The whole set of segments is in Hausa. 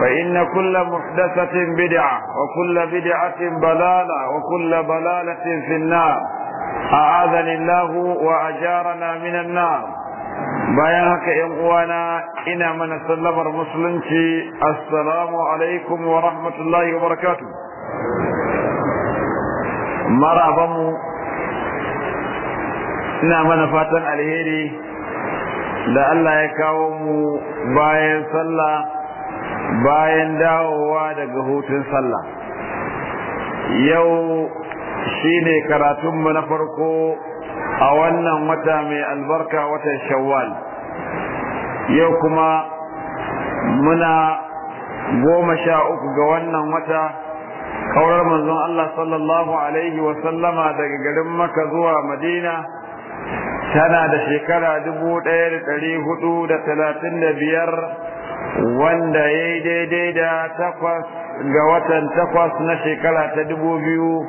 فإن كل محدثة بدعة وكل بدعة ضلالة وكل ضلالة في النار أعاذني الله وأجارنا من النار bayan haka ‘yan uwana ina mana sallamar musulunci assalamu alaikum wa rahmatullahi wa barakatu marabanmu ina mana fatan alheri da Allah ya kawo mu bayan sallah bayan dawowa daga hutun sallah yau shine karatunmu na farko a wannan wata mai albarka watan shawwal yau kuma muna goma sha uku ga wannan wata kaurar manzon Allah sallallahu alaihi wasallama daga garin maka zuwa madina tana da shekara dubu ɗaya da ɗari hudu da talatin da biyar wanda ya yi daidai da takwas ga watan takwas na shekara ta dubu biyu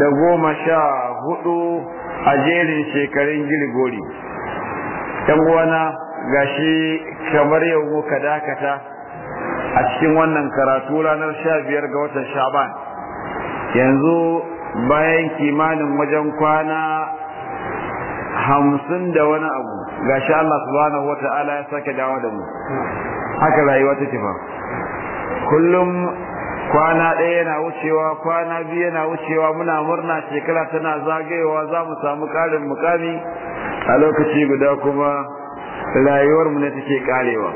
da goma sha hudu a jerin shekarun girgori yan ga gashi kamar yau muka dakata a cikin wannan karatu ranar sha biyar ga watan shaban yanzu bayan kimanin wajen kwana hamsin da wani abu gashi Allah subhanahu wa ta'ala ya sake dawo da mu haka rayuwa take fa kullum kwana ɗaya yana wucewa kwana biyu yana wucewa muna murna shekara tana zagayewa za mu samu ƙarin mukami a lokaci guda kuma rayuwar mu ne take karewa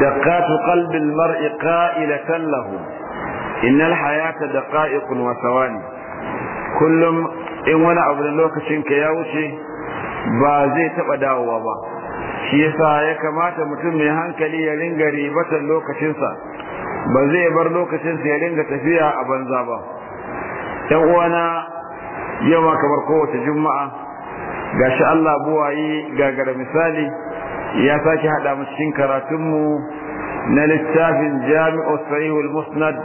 daqatu qalbi almar'i qa'ilatan lahu innal hayata daqa'iqun wa thawani kullum in wani abu da lokacin ka ya wuce ba zai taɓa dawowa ba shi yasa ya kamata mutum mai hankali ya ringa ribatan lokacinsa ba zai bar lokacinsa ya ringa tafiya a banza ba yan uwana yawa kamar kowace juma'a gashi Allah buwayi gagara misali ya sake haɗa mu cikin karatunmu na littafin jami'u sahihul musnad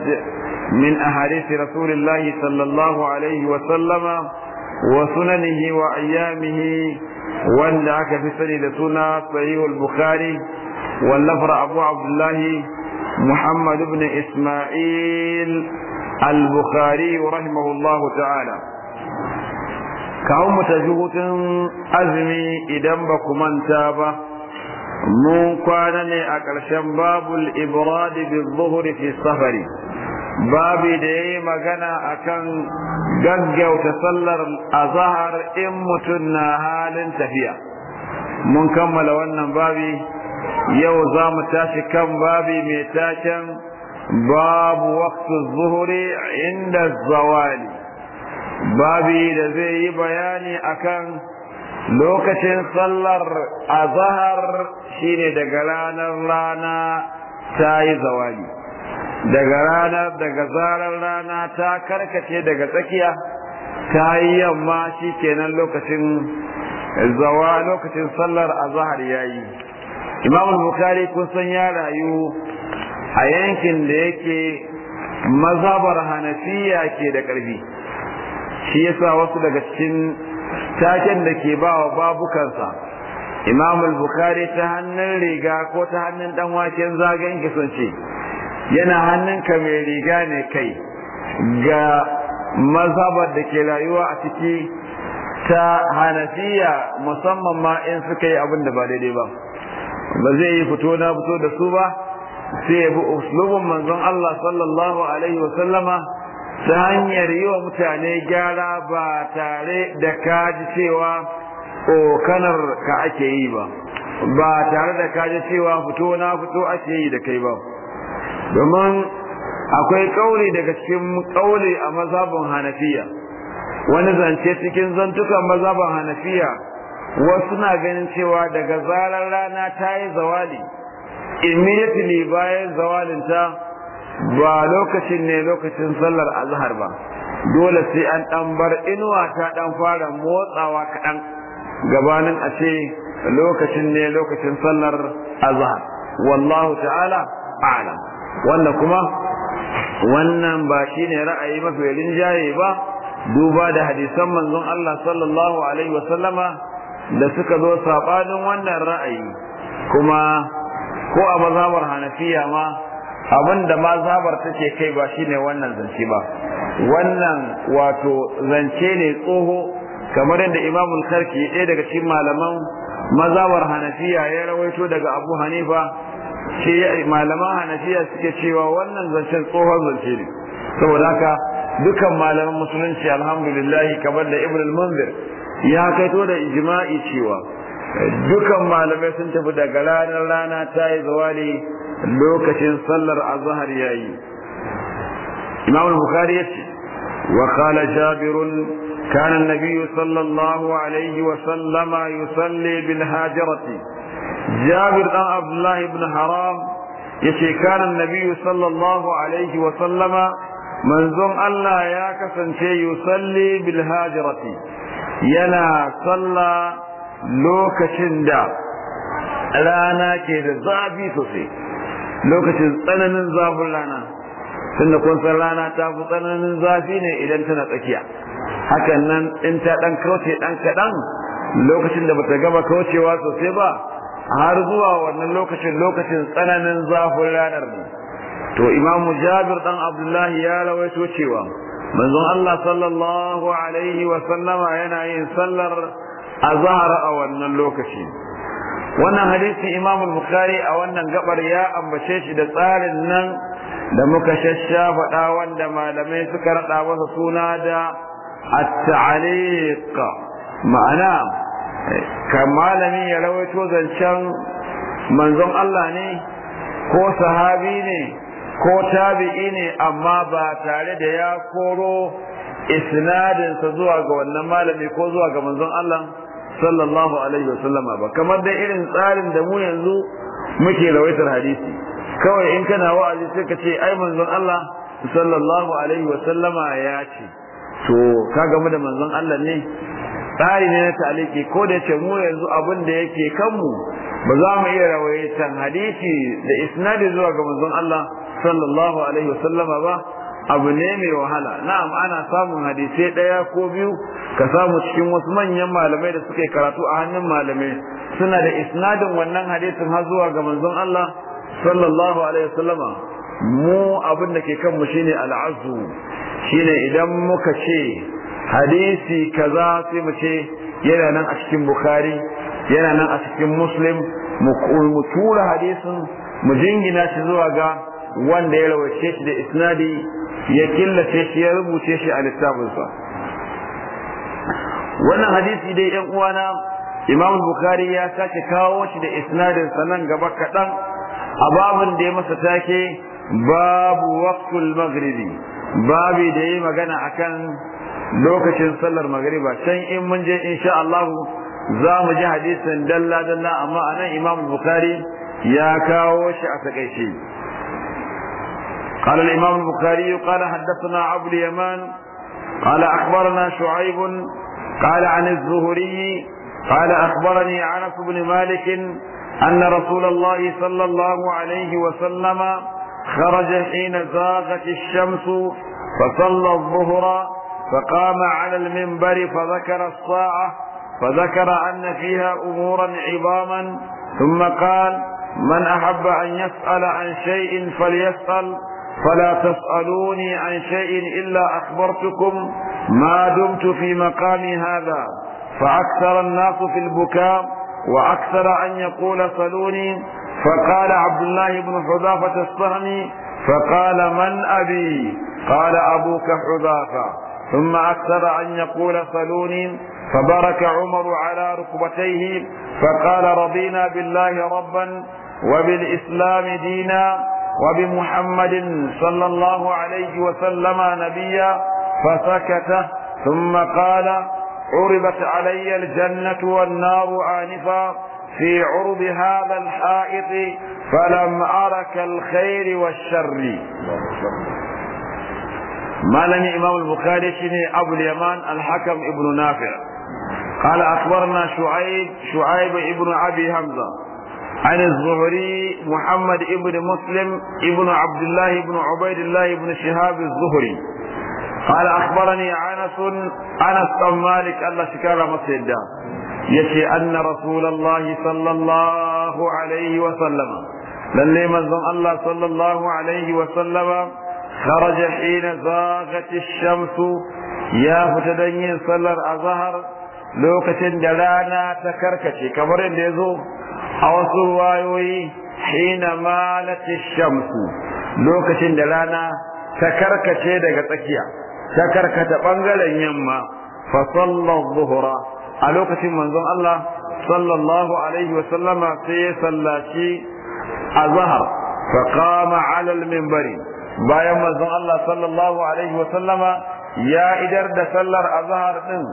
min ahadisi rasulillahi sallallahu alaihi wa sallama wa sunanihi wa ayyamihi wanda aka fi sani da suna sahihul bukhari wallafar abu abdullahi muhammad ibn isma'il al-bukhari rahimahullahu ta'ala kawun mu tafi hutun azumi idan ba ku manta ba mun kwana ne a ƙarshen babul ibradi bi zuhri fi safari babi da ya yi magana akan kan gaggauta sallar azahar in mutum na halin tafiya mun kammala wannan babi yau za mu tashi kan babi mai taken babu waktu zuhuri inda zawali babi da zai yi bayani akan lokacin sallar azahar shine daga ranar rana ta yi zawali daga rana daga zarar rana ta karkace daga tsakiya ta yi yamma shi kenan lokacin zawa lokacin sallar azahar ya yi imamun bukari kun san ya rayu a yankin da yake mazabar hanafiya ke da ƙarfi shi yasa wasu daga cikin taken da ke ba wa babukansa imamul bukari ta hannun riga ko ta hannun ɗan waken zagen sun ce yana hannunka mai riga ne kai ga mazhabar da ke rayuwa a ciki ta hanafiya musamman ma in suka yi abin da ba daidai ba ba zai yi fito na fito da su ba sai bi uslubin manzon Allah sallallahu alaihi wa sallama ta hanyar yi wa mutane gyara ba tare da kaji cewa tsokanar ka ake yi ba ba tare da kaji cewa fito na fito ake yi da kai ba domin akwai kauli daga cikin kauli a mazhabin hanafiya wani zance cikin zantukan mazhabin hanafiya wasu na ganin cewa daga zarar rana ta yi zawali immediately bayan zawalin ta ba lokacin ne lokacin sallar azhar ba dole sai an dan bar inuwa ta dan fara motsawa kaɗan gabanin a ce lokacin ne lokacin sallar azhar wallahu ta'ala a'lam wanda kuma wannan ba shi ne ra'ayi mafi rinjaye ba duba da hadisan manzon Allah sallallahu alaihi wasallama da suka zo sabanin wannan ra'ayi kuma ko a mazhabar hanafiya ma abinda mazhabar take kai ba shine wannan zance ba wannan wato zance ne tsoho kamar yadda imamul karki ɗaya daga cikin malaman mazhabar hanafiya ya rawaito daga abu hanifa shi malaman hanafiya suke cewa wannan zancen tsohon zance ne saboda haka dukan malaman musulunci alhamdulillah kamar da ibn al-munzir ya kaito da ijma'i cewa dukan malamai sun tafi daga ranar rana ta yi zawali lokacin sallar azhar yayi imam al-bukhari yace wa qala jabir كان النبي صلى الله عليه وسلم يصلي بالهاجرة jabir dan abdullahi ibn haram yace kana nabiyyu sallallahu alaihi wa sallama manzon Allah ya kasance yusalli bil hajirati yana salla lokacin da rana ke da zafi sosai lokacin tsananin zafin rana tunda kun rana ta fi tsananin zafi ne idan tana tsakiya hakan nan in ta dan kauce dan kadan lokacin da bata gama kaucewa sosai ba har zuwa wannan lokacin lokacin tsananin zafin ranar ne to Imam jabir dan abdullahi ya rawaito cewa manzon Allah sallallahu alaihi wa sallama yana yin sallar azhar a wannan lokaci wannan hadisi imamu bukhari a wannan gabar ya ambace shi da tsarin nan da muka faɗa wanda malamai suka raɗa masa suna da at ma'ana kan malami ya rawaito zancen manzon Allah ne ko sahabi ne ko tabi'i ne amma ba tare da ya koro isnadinsa zuwa ga wannan malami ko zuwa ga manzon Allah sallallahu alaihi wasallam ba kamar da irin tsarin da mu yanzu muke rawaitar hadisi kawai in kana wa'azi sai ka ce ai manzon Allah sallallahu alaihi wasallama ya ce to ka gamu da manzon Allah ne tsari ne na taliki ko da ce mu yanzu abin da yake kanmu ba za mu iya rawaye can. hadisi da isnadi zuwa ga manzon Allah sallallahu alaihi wasallama ba abu ne mai wahala na'am ana samun hadisai daya ko biyu ka samu cikin wasu manyan malamai da suke karatu a hannun malamai suna da isnadin wannan hadisin har zuwa ga manzon Allah sallallahu alaihi wasallama mu abin da ke kanmu shine al'azu shine idan muka ce hadisi kaza sai mu ce yana nan a cikin bukhari yana nan a cikin muslim mu tura hadisin mu jingina shi zuwa ga wanda ya rawace shi da isnadi ya killace shi ya rubuce shi a littafinsa wannan hadisi dai yan uwana imam bukhari ya sake kawo shi da isnadin nan gaba kaɗan a babin da ya masa take babu waqtul maghribi babi da ya magana akan lokacin sallar magariba can in mun je insha Allah za mu ji hadisin dalla dalla amma anan Imam Bukhari ya kawo shi a takaice قال الإمام البخاري قال حدثنا عبد اليمان قال أخبرنا شعيب قال عن الزهري قال أخبرني عنس بن مالك أن رسول الله صلى الله عليه وسلم خرج حين زاغت الشمس فصلى الظهر فقام على المنبر فذكر الساعة فذكر أن فيها أمورا عظاما ثم قال من أحب أن يسأل عن شيء فليسأل فلا تسألوني عن شيء إلا أخبرتكم ما دمت في مقامي هذا فأكثر الناس في البكاء وأكثر أن يقول سلوني فقال عبد الله بن حذافة الصهني فقال من أبي قال أبوك حذافة ثم أكثر أن يقول صلوني فبرك عمر على ركبتيه فقال رضينا بالله ربا وبالإسلام دينا وبمحمد صلى الله عليه وسلم نبيا فسكت ثم قال عربت علي الجنة والنار آنفا في عرض هذا الحائط فلم أرك الخير والشر مالني إمام البخاري شني أبو اليمان الحكم ابن نافع قال أخبرنا شعيب شعيب ابن أبي حمزة عن الزهري محمد ابن مسلم ابن عبد الله ابن عبيد الله ابن شهاب الزهري قال أخبرني أنس أنس بن مالك الله شكر مسجدا يشي أن رسول الله صلى الله عليه وسلم للي من الله صلى الله عليه وسلم خرج حين زاغت الشمس يا فتدني صلى الأظهر لوكة دلانا تكركتي كمر يزو أوصل وايوي حين مالت الشمس لوكة دلانا تكركتي دقا تكيا تكركت بنغل يما فصلى الظهر ألوكة منظم الله صلى الله عليه وسلم في صلاتي الظهر فقام على المنبر bayan manzon Allah sallallahu alaihi wa sallama ya idar da sallar azhar din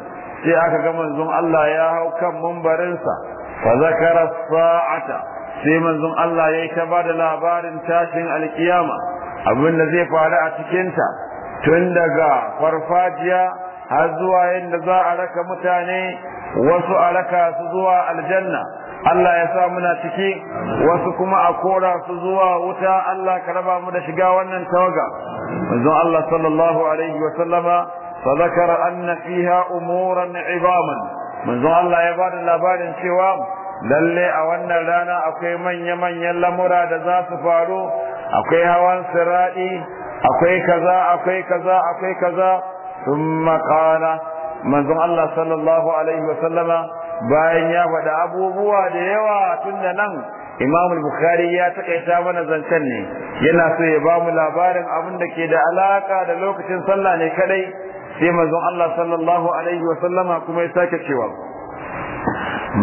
sai aka ga manzon Allah ya hau kan mambarinsa. fa zakara sa'ata sai manzon Allah ya ta bada labarin tashin alkiyama abin da zai faru a cikinta tun daga farfajiya har zuwa yadda za a raka mutane wasu a raka su zuwa aljanna Allah ya sa muna ciki wasu kuma a kora su zuwa wuta Allah ka raba mu da shiga wannan tawaga manzon Allah sallallahu alaihi wa sallama fa zakara anna fiha umuran ibaman manzon Allah ya bada labarin cewa lalle a wannan rana akwai manya manyan lamura da za su faru akwai hawan siradi akwai kaza akwai kaza akwai kaza thumma qala manzon Allah sallallahu alaihi wa sallama bayan ya faɗa abubuwa da yawa tun da nan imam bukhari ya taƙaita mana zancen ne yana so ya ba mu labarin abin da ke da alaƙa da lokacin sallah ne kadai sai manzon Allah sallallahu alaihi wa sallama kuma ya sake cewa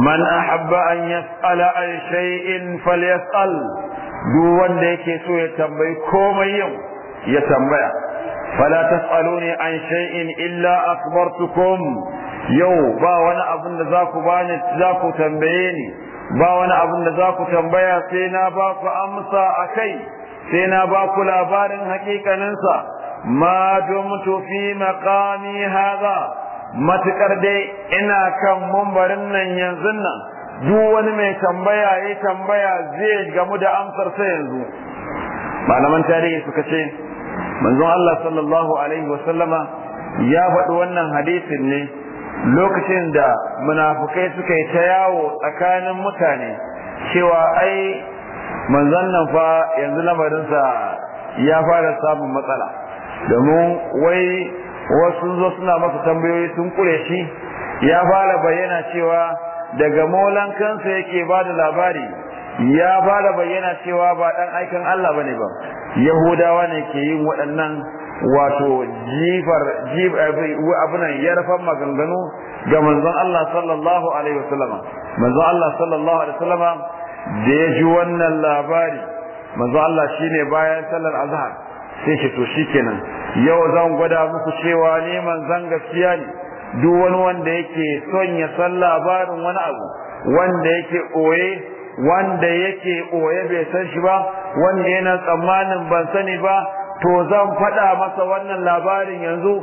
man ahabba an yas'ala an shay'in falyas'al duk wanda yake so ya tambayi komai yau ya tambaya fala tas'aluni an shay'in illa akhbartukum yau ba wani abin da za ku bani za ku tambaye ni ba wani abin da za ku tambaya sai na ba ku amsa a kai sai na ba ku labarin hakikaninsa ma dumtu fi maqami hadha matukar dai ina kan mumbarin nan yanzu nan duk wani mai tambaya ya tambaya zai gamu da amsar sa yanzu malaman tarihi suka ce manzon Allah sallallahu alaihi wasallama ya faɗi wannan hadisin ne lokacin da munafukai suka yi ta yawo tsakanin mutane cewa ai manzon nan fa yanzu lamarinsa ya fara samun matsala domin wai wasu zo suna masa tambayoyi sun kure shi ya fara bayyana cewa daga molan kansa yake ba da labari ya fara bayyana cewa ba dan aikin Allah bane ba yahudawa ne ke yin waɗannan wato jifar eh, abinan yarfan maganganu ga manzon Allah sallallahu alaihi wasallam manzon Allah sallallahu alaihi wasallam da ya ji wannan labari manzon Allah shine bayan sallar azhar sai ce to shi kenan yau zan gwada muku cewa ne manzon gaskiya ne duk wani wanda yake son ya san labarin wani abu wanda yake oye wanda yake ɓoye bai san shi ba wanda yana tsammanin ban sani ba to zan faɗa masa wannan labarin yanzu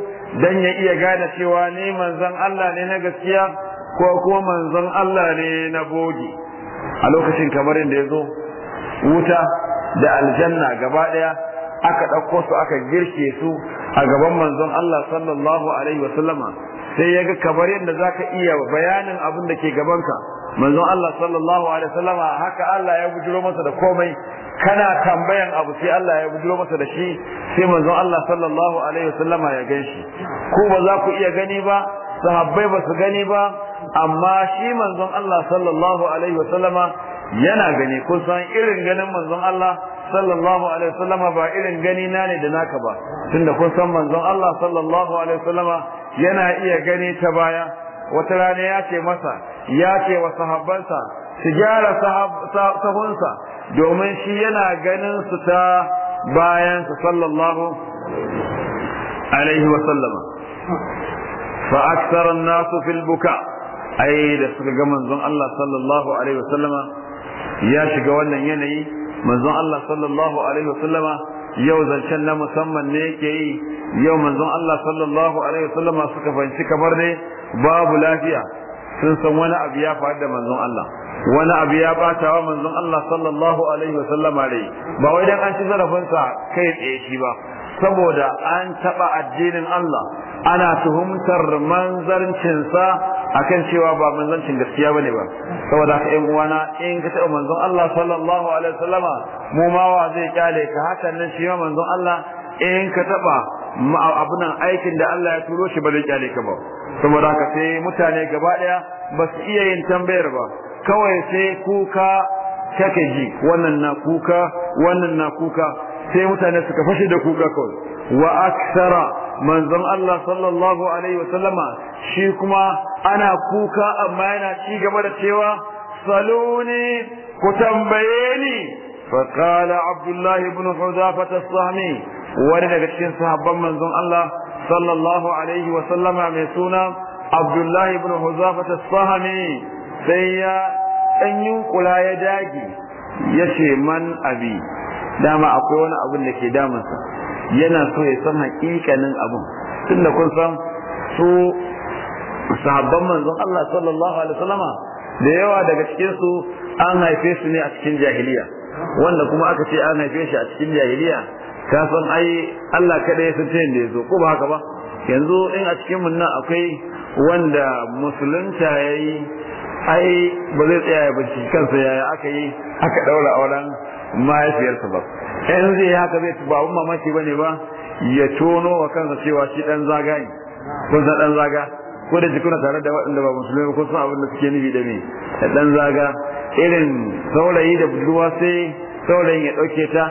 dan ya iya gane cewa ne manzon Allah ne na gaskiya ko kuma manzon Allah ne na bogi a lokacin kamar da ya zo wuta da aljanna gaba ɗaya aka ɗauko su aka girke su a gaban manzon Allah sallallahu alaihi wasallama sai ya ga kamar yadda za ka iya bayanin abin da ke gabanka manzon Allah sallallahu alaihi wasallam haka Allah ya bujiro masa da komai kana tambayan abu sai Allah ya bujiro masa da shi sai manzon Allah sallallahu alaihi wasallama ya ganshi ku ba za ku iya gani ba sahabbai ba su gani ba amma shi manzon Allah sallallahu alaihi wasallama yana gani kun san irin ganin manzon Allah sallallahu alaihi wasallama ba irin gani na ne da naka ba tunda kun san manzon Allah sallallahu alaihi wasallama yana iya gani ta baya wata rana ya ce masa ya ce wa sahabbansa su gyara sahunsa domin shi yana ganin su ta bayan su sallallahu alaihi wa sallama fa aksara nasu fil buka ai da suka ga manzon Allah sallallahu alaihi wa sallama ya shiga wannan yanayi manzon Allah sallallahu alaihi wa sallama yau zancen na musamman ne yake yi yau manzon Allah sallallahu alaihi wasallama suka fahimci kamar ne babu lafiya sun san wani abu ya faru da manzon Allah wani abu ya bata wa manzon Allah sallallahu alaihi wa sallama rai ba wai dan an ci sa kai tsaye shi ba saboda an taba addinin Allah ana tuhumtar manzancinsa akan cewa ba manzancin gaskiya bane ba saboda haka ƴan uwana in ka taɓa manzon Allah sallallahu alaihi wa sallama mu ma wa zai kyale ka hakan nan shi ma manzon Allah in ka taɓa abunan aikin da Allah ya turo shi ba zai kyale ka ba saboda haka sai mutane gaba daya ba su iya yin tambayar ba kawai sai kuka kake ji wannan na kuka wannan na kuka sai mutane suka fashe da kuka kawai wa aksara manzon Allah sallallahu alaihi wa sallama shi kuma ana kuka amma yana ci gaba da cewa saluni ku tambaye ni فقال عبد الله بن حذافة الصهمي wani daga cikin sahabban manzon Allah sallallahu alaihi wa sallama mai suna Abdullahi ibn Huzafa as-Sahami sai ya dan yunkula ya dage yace man abi dama akwai wani abu da ke damunsa yana so ya san hakikanin abin tunda kun san su sahabban manzon Allah sallallahu alaihi wasallama da yawa daga cikin su an haife su ne a cikin jahiliya wanda kuma aka ce an haife shi a cikin jahiliya ka san ai Allah kaɗai ya fi ta ya zo ko ba haka ba yanzu in a cikin mun nan akwai wanda musulunta ya yi ai ba zai tsaya ya binciki kansa yaya aka yi aka ɗaura auren mahaifiyarsa ba In zai haka zai ba abun mamaki ba ne ba ya tono wa kansa cewa shi ɗan zaga ne ko ɗan zaga ko da jikuna tare da waɗanda ba musulmai ko sun abin da suke nufi da me da ɗan zaga irin saurayi da budurwa sai saurayin ya ɗauke ta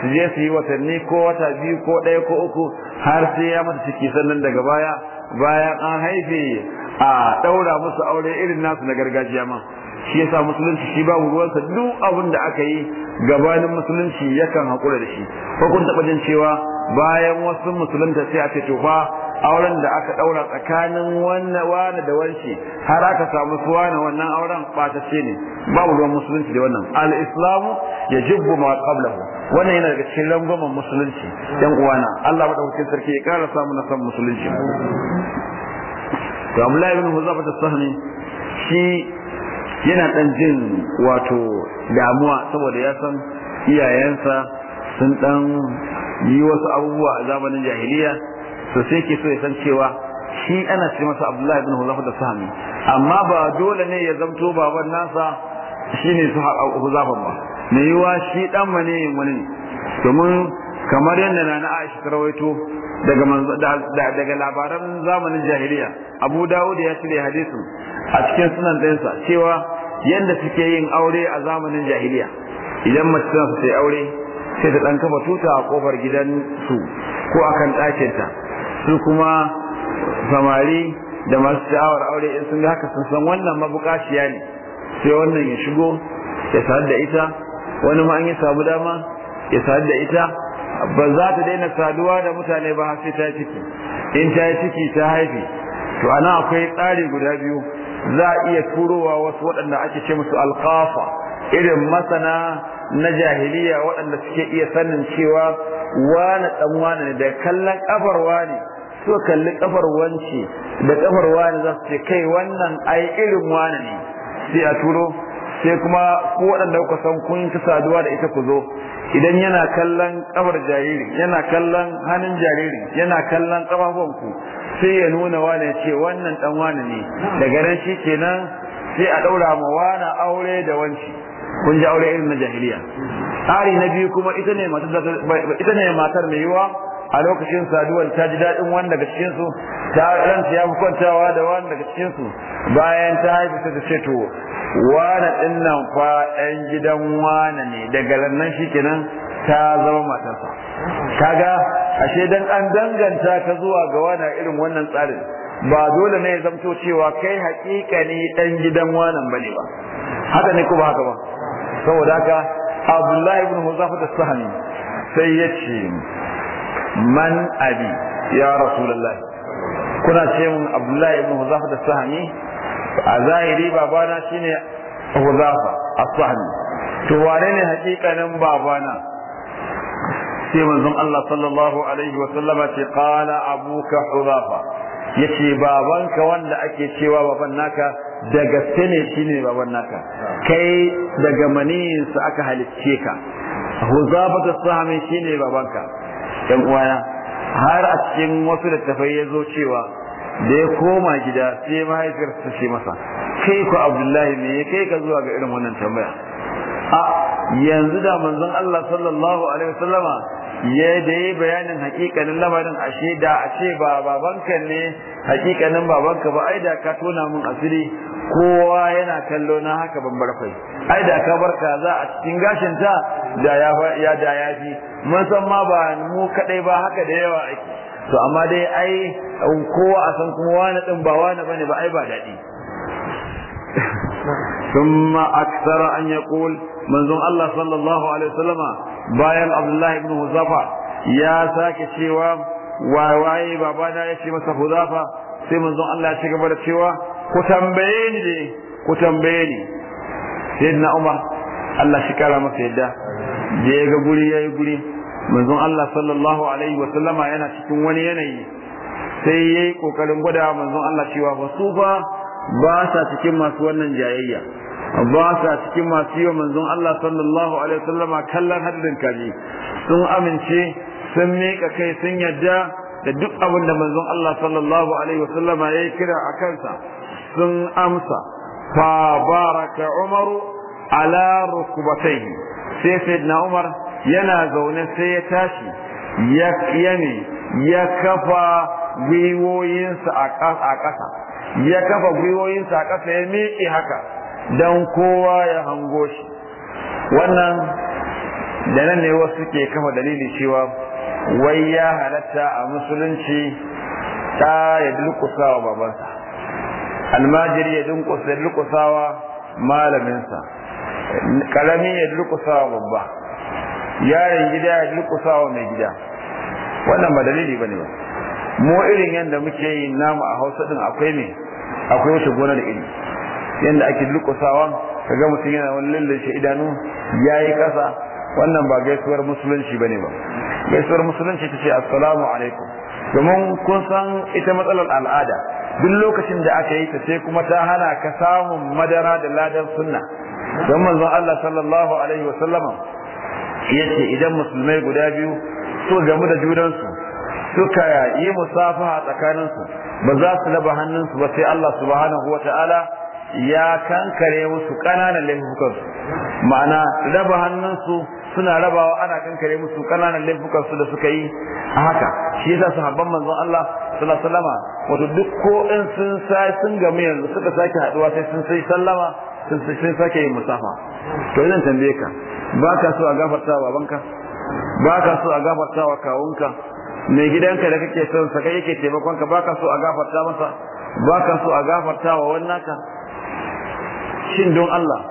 su je su yi watanni ko wata biyu ko ɗaya ko uku har sai ya mata ciki sannan daga baya bayan an haife a ɗaura musu aure irin nasu na gargajiya ma shi yasa musulunci shi babu ruwansa duk abin da aka yi gabanin musulunci yakan haƙura da shi ko kun taɓa jin cewa bayan wasu musulunta sai a ce to fa auren da aka ɗaura tsakanin wannan wani da wanshi, har aka samu suwa na wannan auren ce ne babu ruwan musulunci da wannan al-islamu ya jibbu ma qablahu wannan yana daga cikin rangwamen musulunci yan uwana Allah madaukakin sarki ya kara samu na san musulunci to Abdullah ibn Huzafa as-Sahmi shi yana dan jin wato damuwa saboda ya san iyayensa sun dan yi wasu abubuwa a zamanin jahiliya to sai ke so ya san cewa shi ana ce masa Abdullahi ibn Huzafa da sahmi amma ba dole ne ya zamto baban nasa shine su Huzafa ba mai yiwa shi dan mane wani ne domin kamar yadda na na Aisha tarawaito daga daga labaran zamanin jahiliya Abu Dawud ya cire hadisin a cikin sunan ɗinsa cewa yadda suke yin aure a zamanin jahiliya idan mace tana sai aure sai ta dan kafa tuta a kofar gidan su ko akan ɗakin ta su kuma samari da masu sha'awar aure in sun ga haka sun san wannan mabukaciya ne sai wannan ya shigo ya sanar da ita wani ma an yi samu dama ya sadu da ita ba za ta daina saduwa da mutane ba sai ta ciki in ta ciki ta haifi to ana akwai tsari guda biyu za a iya turowa wasu waɗanda ake ce musu alƙafa irin masana na jahiliya waɗanda suke iya sanin cewa wani ɗan wani ne da kallon ƙafar wane suka kalli ƙafar wance da ƙafar ne za su ce kai wannan ai irin wani ne sai a turo sai kuma ko waɗanda kuka san kun ta saduwa da ita ku zo idan yana kallon kabar jariri yana kallon hannun jariri yana kallon kafafuwan ku sai ya nuna wane ce wannan dan wane ne daga nan shi kenan sai a ɗaura ma wana aure da wanci kun ji aure irin na jahiliya tsari na biyu kuma ita ne matar mai yiwa a lokacin saduwar ta ji daɗin wani daga cikin su ta ranta ya fi kwantawa da wani daga cikin su bayan ta haifi ta ce to wani dinnan fa ɗan gidan wani ne daga nan shikenan ta zama matarsa kaga ashe dan an danganta ka zuwa ga wani irin wannan tsarin ba dole ne ya zamto cewa kai haƙiƙa ne ɗan gidan wanan bane ba haka ne kuma haka ba saboda haka Abdullahi ibn Huzafa da Sahani sai ya ce man abi ya rasulullahi kuna ce mun abdullahi ibn huzafa da sahani a zahiri babana shine huzafa as-sahani to wane ne hakikanin babana sai manzon Allah sallallahu alaihi wa sallama ce qala abuka hudafa yace babanka wanda ake cewa baban naka da gaske ne shine baban naka kai daga maniyinsa aka halicce ka huzafa da sahami shine babanka yan uwana har a cikin wasu littafai ya zo cewa da ya koma gida sai mahaifiyarsa ta ce masa kai ku abdullahi me ya kai ka zuwa ga irin wannan tambaya a yanzu da manzon Allah sallallahu alaihi wasallama ya da bayanin hakikanin lamarin ashe da a ba babanka ne hakikanin babanka ba ai da ka tona mun asiri kowa yana kallo na haka bambar fai ai da ka bar kaza a cikin gashin ta da ya ya da ya fi mun san ma ba mu kadai ba haka da yawa ake to amma dai ai kowa a san kuma wani din ba wani bane ba ai ba daɗi ثم أكثر أن يقول منذ الله صلى الله عليه وسلم بايل عبد الله بن هزافة يا ساك شيوا وواي بابانا يشي مسا هزافة sai manzon Allah ya ci gaba da cewa ku tambaye ni ku tambaye ni sayyidina Umar Allah shi kara masa yadda Je ya ga guri yayi guri manzon Allah sallallahu alaihi wa sallama yana cikin wani yanayi sai yayi kokarin gwada manzon Allah cewa ba su ba ba sa cikin masu wannan jayayya ba sa cikin masu yi manzon Allah sallallahu alaihi wa sallama kallon haddin kaji sun amince sun miƙa kai sun yadda da duk abin da manzon Allah sallallahu alaihi wa sallama yayi kira a kansa sun amsa fa baraka umaru ala rukbatayhi sai sayyidina umar yana zaune sai ya tashi ya yane ya kafa gwiwoyinsa a ƙasa ya kafa gwiwoyinsa a ƙasa ya miƙe haka don kowa ya hango shi wannan da nan ne wasu ke kafa dalili cewa wai ya halatta a musulunci ta ya durkusa wa babansa almajiri ya dunkusa ya malaminsa kalami ya durkusawa babba yaron gida ya durkusawa mai gida wannan ba dalili ba ne ba mu irin yadda muke yi namu a hausa din akwai ne akwai wata gona da iri yadda ake ka kaga mutum yana wani lullushe idanu ya yi kasa wannan ba gaisuwar musulunci ba ne ba gaisuwar musulunci ta ce assalamu alaikum domin kun san ita matsalar al'ada duk lokacin da aka yi ta sai kuma ta hana ka samun madara da ladan sunna don manzon Allah sallallahu alaihi wa sallama yace idan musulmai guda biyu su gamu da junansu suka yi musafaha tsakaninsu ba za su laba hannunsu ba sai Allah subhanahu wa ta'ala ya kankare musu ƙananan su, ma'ana laba hannunsu suna rabawa ana kankare musu kananan laifukan su da suka yi a haka shi yasa sahabban manzon Allah sallallahu alaihi wasallam wato duk ko in sun sai sun gamu yanzu suka sake haduwa sai sun sai sallama sun sai sake yin musafa to idan tambaye ka baka so a gafarta wa babanka baka so a gafarta wa kawunka mai gidanka da kake son sa kai yake taimakon ka baka so a gafarta masa baka so a gafarta wa wannan ka shin don Allah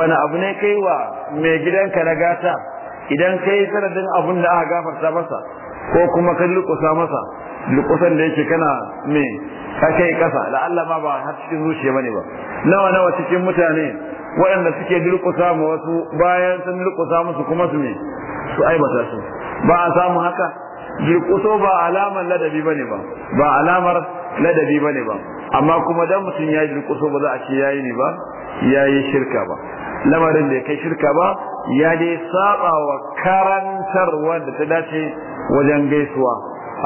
wani abu ne kai wa mai gidanka na gata idan ka yi sanadin abin da aka gafarta masa ko kuma ka lukusa masa lukusan da yake kana mai ka kai kasa Allah ma ba har cikin zuciya bane ba nawa nawa cikin mutane waɗanda suke durkusa ma wasu bayan sun lukusa musu kuma su ne su aibata su ba a samu haka jirkuso ba alamar ladabi bane ba ba alamar ladabi bane ba amma kuma dan mutum ya jirkuso ba za a ce yayi ne ba yayi shirka ba lamarin da kai shirka ba ya dai saba wa karantar da ta dace wajen gaisuwa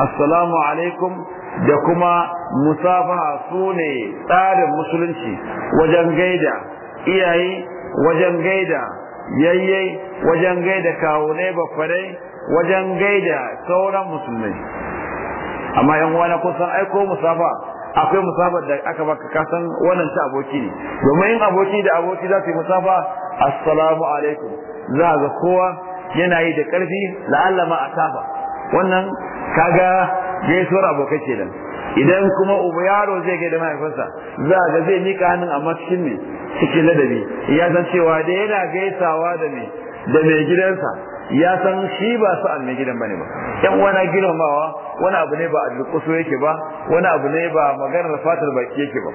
assalamu alaikum da kuma musafaha sune tsarin musulunci wajen gaida iyaye wajen gaida yayye wajen gaida kawunai bafarai wajen gaida sauran musulmai amma yan uwana kusan aiko musafa akwai musafa da aka baka kasan wannan ta aboki ne domin in aboki da aboki za su yi musafa assalamu alaikum za ga kowa yana yi da karfi la'alla ma asafa wannan kaga gaisuwar abokai nan idan kuma uba yaro zai gaida mahaifinsa za ga zai mika hannun amma cikin ne cikin ladabi ya san cewa da yana gaisawa da mai gidansa ya san shi ba su an gidan bane ba yan wana girmamawa wani abu ne ba a durkuso yake ba wani abu ne ba maganar fatar baki yake ba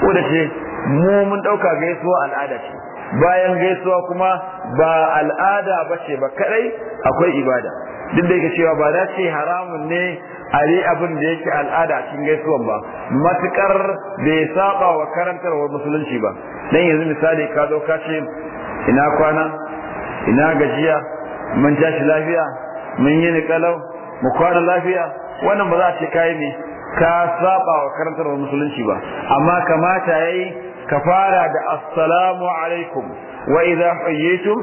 ko da ce mu mun dauka gaisuwa al'ada ce bayan gaisuwa kuma ba al'ada ba ce ba kadai akwai ibada duk da yake cewa ba za ce haramun ne a yi abin da yake al'ada cikin gaisuwan ba matukar bai saba wa karantarwar musulunci ba dan yanzu misali ka zo ka ce ina kwana ina gajiya mun tashi lafiya mun yi ni mu kwana lafiya wannan ba za a ce kai ne ka saba wa karantar musulunci ba amma kamata yayi ka fara da assalamu alaikum wa idza hayyitum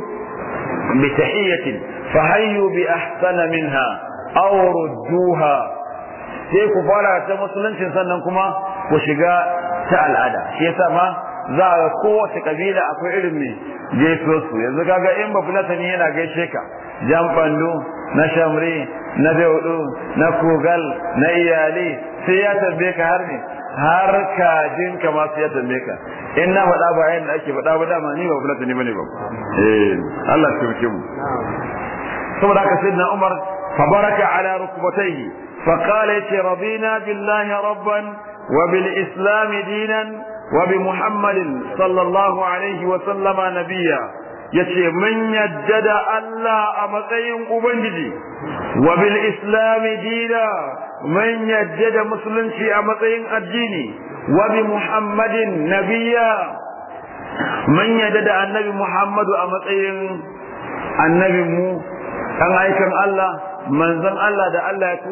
bi tahiyyatin fahayyu bi ahsana minha aw rudduha sai ku fara ta musulunci sannan kuma ku shiga ta al'ada shi yasa ma za a kowace kabila akwai irin mai gaisuwar su yanzu kaga in ba fulatani yana gaishe ka jan fandu, na shamri na daudu na kogal na iyali sai ya tambaye ka har ne har ka ma sai ya tambaye ka in na faɗa ba yayin da ake faɗa ba dama ni ba fulatani bane ba eh Allah ya taimake mu saboda haka sayyidina Umar فبرك على ركبتيه فقال رضينا بالله ربا وبالإسلام دينا وبمحمد صلى الله عليه وسلم نبيا yace mun yadda da Allah a matsayin ubangiji wa bil dina mun yadda da musulunci a matsayin addini Wabi bi muhammadin nabiyya mun yadda da annabi muhammadu a matsayin annabin mu, dan aikan Allah manzon Allah da Allah ya